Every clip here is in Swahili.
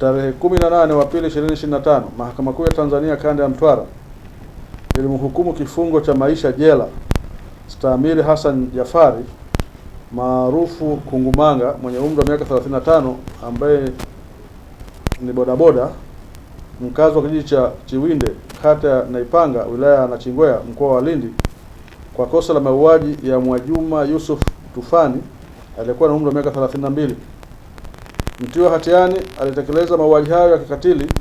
tarehe 18 wa pili 2025 Mahakama Kuu ya Tanzania kanda ya Mtwara ilimhukumu kifungo cha maisha jela stamiri Hassan Jafari maarufu Kungumanga mwenye umri wa miaka 35 ambaye ni bodaboda mkazi wa kijiji cha Chiwinde kata ya Naipanga wilaya ya Nachingwea mkoa wa Lindi kwa kosa la mauaji ya Mwajuma Yusuf Tufani aliyekuwa na umri wa miaka 32 mtiwa hatiani alitekeleza mauaji hayo ya kikatili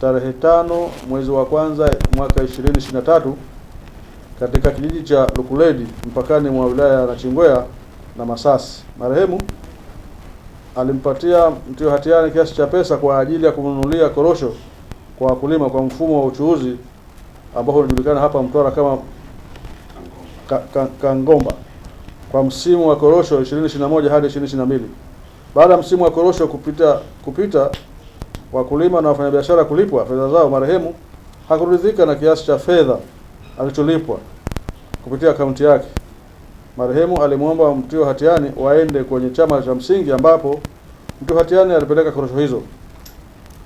tarehe tano mwezi wa kwanza mwaka 2023 katika kijiji cha Lukuledi mpakani mwa wilaya ya Nachingwea na Masasi. Marehemu alimpatia mtiwa hatiani kiasi cha pesa kwa ajili ya kumnunulia korosho kwa wakulima kwa mfumo wa uchuuzi ambao unajulikana hapa Mtwara kama ka, ka, Kangomba kwa msimu wa korosho 2021 hadi 2022. Baada ya msimu wa korosho kupita kupita, wakulima na wafanyabiashara kulipwa fedha zao, marehemu hakuridhika na kiasi cha fedha alicholipwa kupitia akaunti yake. Marehemu alimwomba mtio hatiani waende kwenye chama cha msingi ambapo mtio hatiani alipeleka korosho hizo.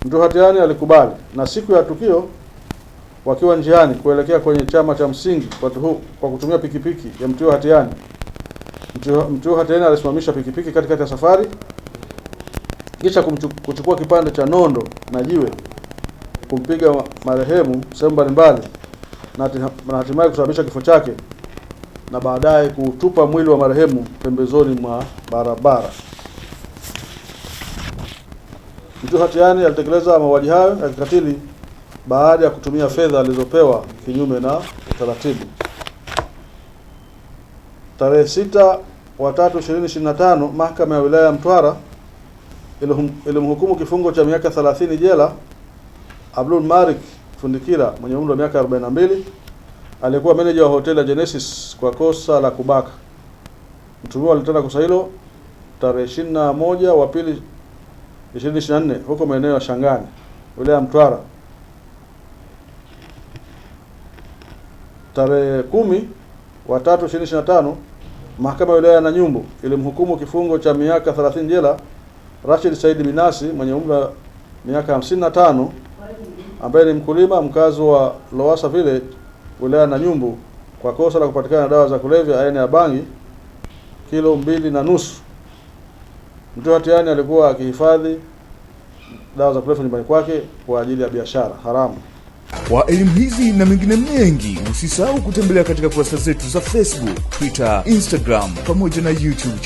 Mtio hatiani alikubali, na siku ya tukio wakiwa njiani kuelekea kwenye chama cha msingi tuhu, kwa kutumia pikipiki ya mtio hatiani, mtio hatiani alisimamisha pikipiki katikati ya safari kisha kuchukua kipande cha nondo na jiwe kumpiga marehemu sehemu mbalimbali na hatimaye kusababisha kifo chake na baadaye kutupa mwili wa marehemu pembezoni mwa barabara. Mtu hatiani alitekeleza mauaji hayo ya kikatili baada ya kutumia fedha alizopewa kinyume na utaratibu. Tarehe 6 wa 3 2025 mahakama ya wilaya ya Mtwara ilimhukumu kifungo cha miaka 30 jela Abdul Malik Fundikira mwenye umri wa miaka 42 aliyekuwa meneja wa hoteli ya Genesis kwa kosa la kubaka. Mtuhumiwa alitenda kosa hilo tarehe 21 wa pili 2024 huko maeneo ya Shangani, wilaya ya Mtwara. Tarehe kumi wa tatu 2025 mahakama ya wilaya ya Nanyumbu ilimhukumu kifungo cha miaka 30 jela Rashid Said Binasi mwenye umri wa miaka 55 ambaye ni mkulima mkazi wa Lowassa Village wilaya na Nyumbu kwa kosa la kupatikana na dawa za kulevya aina ya bangi kilo mbili na nusu. Mtu hatiani alikuwa akihifadhi dawa za kulevya nyumbani kwake kwa ajili ya biashara haramu. Kwa elimu hizi na mengine mengi, usisahau kutembelea katika kurasa zetu za Facebook, Twitter, Instagram pamoja na YouTube.